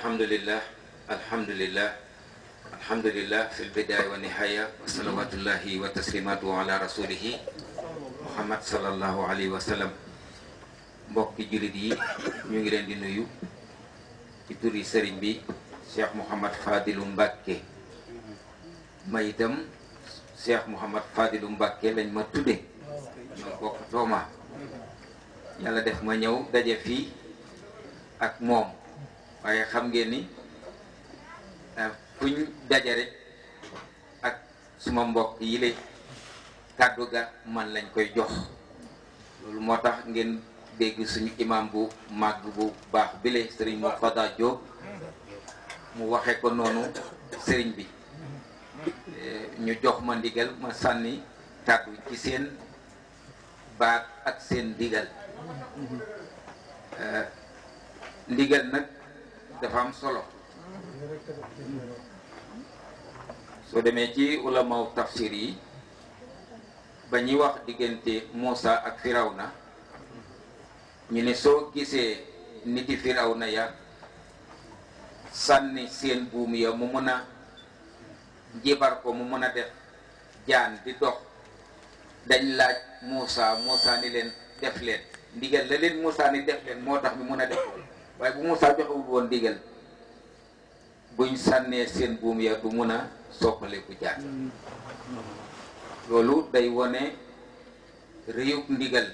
Alhamdulillah, alhamdulillah, alhamdulillah, لله الحمد لله في البداية والنهاية وصلوات الله وتسليماته على رسوله محمد صلى الله عليه وسلم mbokki julit yi ñu di nuyu ci turi sëriñ bi cheikh mouhamad fadilu mbàkke ma itam cheikh mouhamad fadilu mbàkke lañ ma tudde waye xam ngeen ni fuñ nah, dajare ak suma mbokk yi la kaddu ga man lañ koy jox loolu motax ngeen dégg suñu imam bu mag bu bi bile eh, serigne Murtada jo mu waxe ko nonu serigne bi ñu jox ma ndigal ma sanni kaddu ci seen baat ak seen ndigal ndigal hmm. eh, nak dafa am solo so demee ci ulama tafsir yi ba wax diggante Musa ak Firawna ñu niti Firawna ya sanni seen bumi ya mu mëna jibar ko mu mëna def jaan di dox dañ laaj Musa Musa ni len def len ndigal la len Musa ni def len motax mu mëna def waaye bu Moussa joxewul won nesin buñ sànnee seen buum ya du muna a soppaleku jaata lolou day woné riyuk ndigal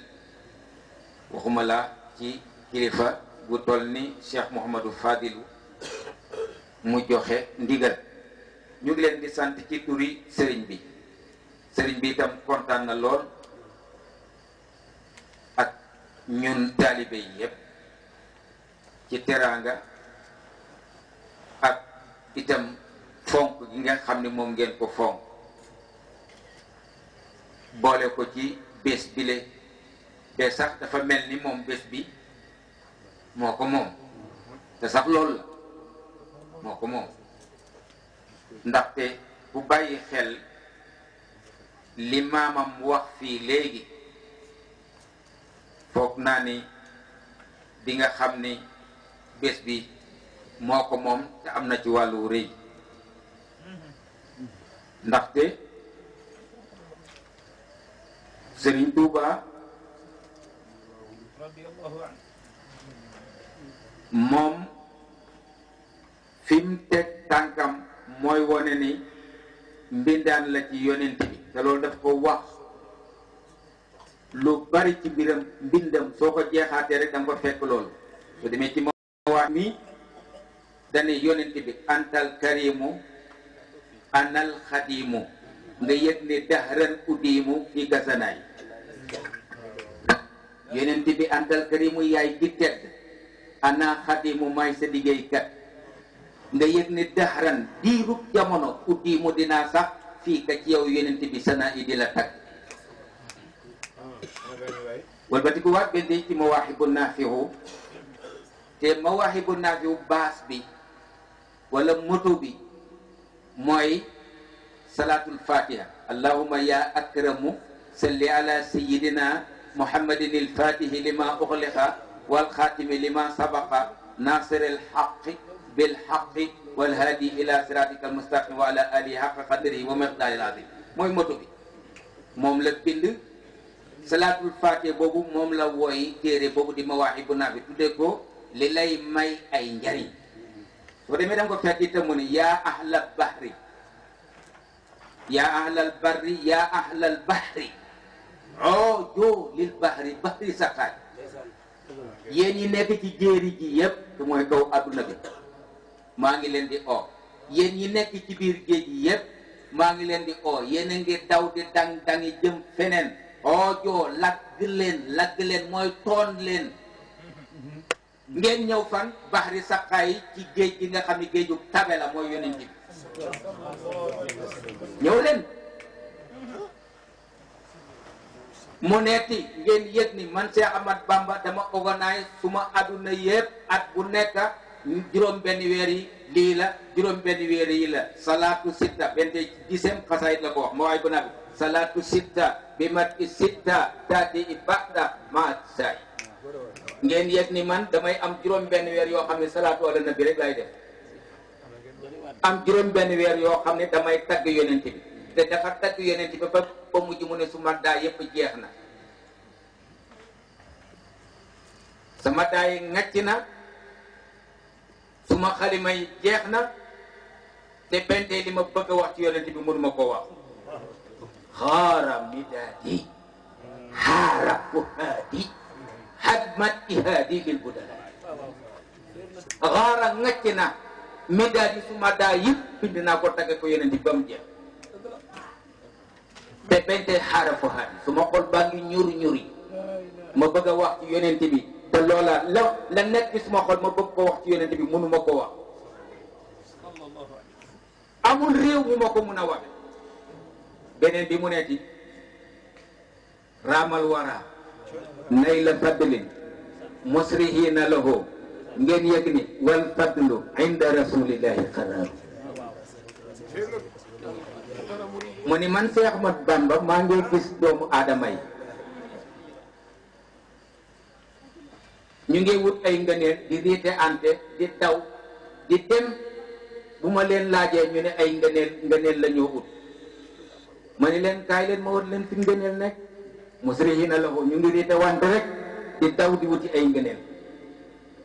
waxuma la ci kilifa gu tolni Cheikh Mouhamadou Fadilu mu joxe ndigal ñu ngi leen di sant ci turi serigne bi serigne bi tam contane na lool ak ñun talibé yépp ci teraanga ak itam fonk gi nga xam ne moom ngeen ko fonk boole ko ci bés bile te sax dafa mel ni moom bés bi moo ko moom te sax loolu la moo ko moom ndaxte bu bàyyi xel li maamam wax fii léegi foog naa ni di nga xam ni bés bi moo ko moom te am na ci wàllu rëy ndaxte Sëriñ Tuuba moom fi teg tànkam mooy wone ni mbindaan la ci yonent bi te loolu daf ko wax lu bari ci mbiram mbindam soo ko jeexaatee rek danga fekk loolu su demee ci wax ni dane yonent bi antal karimu anal xadimu nga yëg ne dahran udimu fi gasanaay yonent bi antal karimu yaay ji tedd ana xadimu may sa liggéeykat nga yëg ne dahran diirub jamono udimu dinaa sax fii ka ci yow yonent bi sana i di la tag te mawaahibu naafi baas bi wala moto bi mooy salaatul fatiha allahuma ya akramu salli ala sayidina muhammadin ilfatihi lima uxliqa walxaatimi lima sabaqa nasir alxaqi bilxaqi walhaadi ila siratika almustaqim wa ala alihi xaqa qadrihi wa miqdaari alazim mooy moto bi moom la bind salaatul fatiha boobu moom la wooy téere boobu di mawaahibu naafi tuddee ko lelay may ay njari soo demee danga ko fekk itam mu ne ya ahlal bahri ya ahlal barri ya ahlal bahri oo lil bahri bahri sakat. yeni nek ci jéeri ji yépp te mooy kaw adduna bi ma ngi len di o yeni nek ci bir géej gi yépp ma ngi len di o yene nge daw di dang dangi jëm fenen oo joo lagg leen lagg leen mooy toon ngeen ñëw fan baxri saqaay ci géej gi nga xam ne géeju tabe la mooy yonent bi ñëw leen mu neeti ngeen yëg ni man Cheikh Ahmad Bamba dama organise suma adduna yëpp at bu nekk juróom benn weer lii la juróom benn weer yi la salaatu sitta benn dixième xasaayit la ko wax ma waay bu nabi salaatu sitta bi mat sitta taati i ba'da saay ngeen yek ni man damay am juroom benn weer yoo xam ne salaatu ala nabi rek lay def am juroom benn weer yoo xam ne damay tagg yonent bi te dafa tagg yonent bi ba ba mujj mu ne su daa yëpp jeex na sama daa yi ŋàcc na suma xalima yi jeex na te bentee li ma bëgg wax ci yonent bi mënuma ko wax xaara midaadi xaara fuhaadi hadmat ihadibil budala gara ngaccina médaadi sumada yëpp bind naa ko tagge ko di bam jeex te bente xaarafu haadi su ma xol baa ngi ñuri ñuri ma bëgg a wax ci yonent bi la la nekk ci suma xol ma bëgg ko wax ci yonent bi mënuma ko wax amul réew mu ma ko wax beneen bi mu neeti raamal waraa nayla fadlin musrihina lahu ngeen yëg ni wal fadlu inda rasulillahi mu ni man Seex Ahmadu Bamba maa ngi gis doomu aadama yi ñu ngi wut ay ngëneel di riite ante di daw di dem bu ma leen laajee ñu ne ay ngëneel ngëneel la ñoo ut ma ni leen kaay leen ma war leen fi ngëneel nekk musrihina lahu ñu ngi riite wante rek di daw di wuti ay ngëneel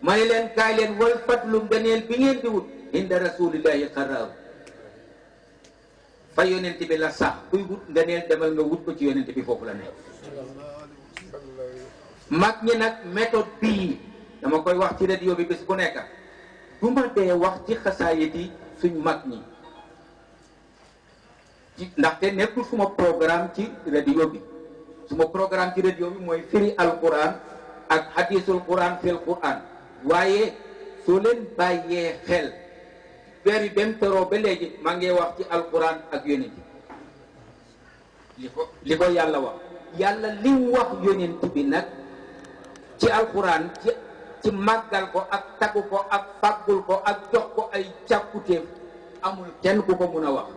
ma ne leen kaay leen wal fatlu ngëneel bi ngeen di wut inda rasulillahi xaraaw fa yonent bi la sax kuy wut ngëneel demal nga wut ko ci yonent bi foofu la nekk mag ñi nag méthode bii dama koy wax ci radio bi bés bu nekk du ma dee wax ci xasaayit yi suñ mag ñi ndaxte nekkul suma programme ci radio bi suma programme ci radio, bi moy firi alquran ak hadithul quran fil quran waye so len baye xel beri dem teroo ba léegi wax ci alquran ak yonent li liko li ko wax yalla li wax yonent bi nak ci alquran ci ci magal ko ak tagu ko ak fàggul ko ak jox ko ay ciakute amul kenn ko ko mun wax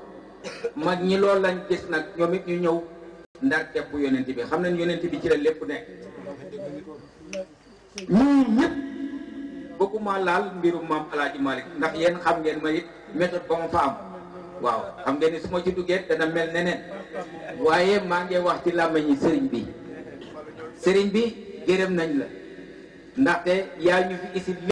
mag ñi lol lañu gis nak ñu ñew ndar képp yonent bi xam nañ yonent bi ci la lépp nekk ñun ñëpp bëgguma laal mbirum maam ndax yenn xam ngeen ma it méthode ba ma fa am waaw xam ngeen ni su ma ci duggee dana mel neneen waaye maa ngi wax ci làmmiñi sëriñ bi sëriñ bi gërëm nañ la ndaxte yaa ñu fi isil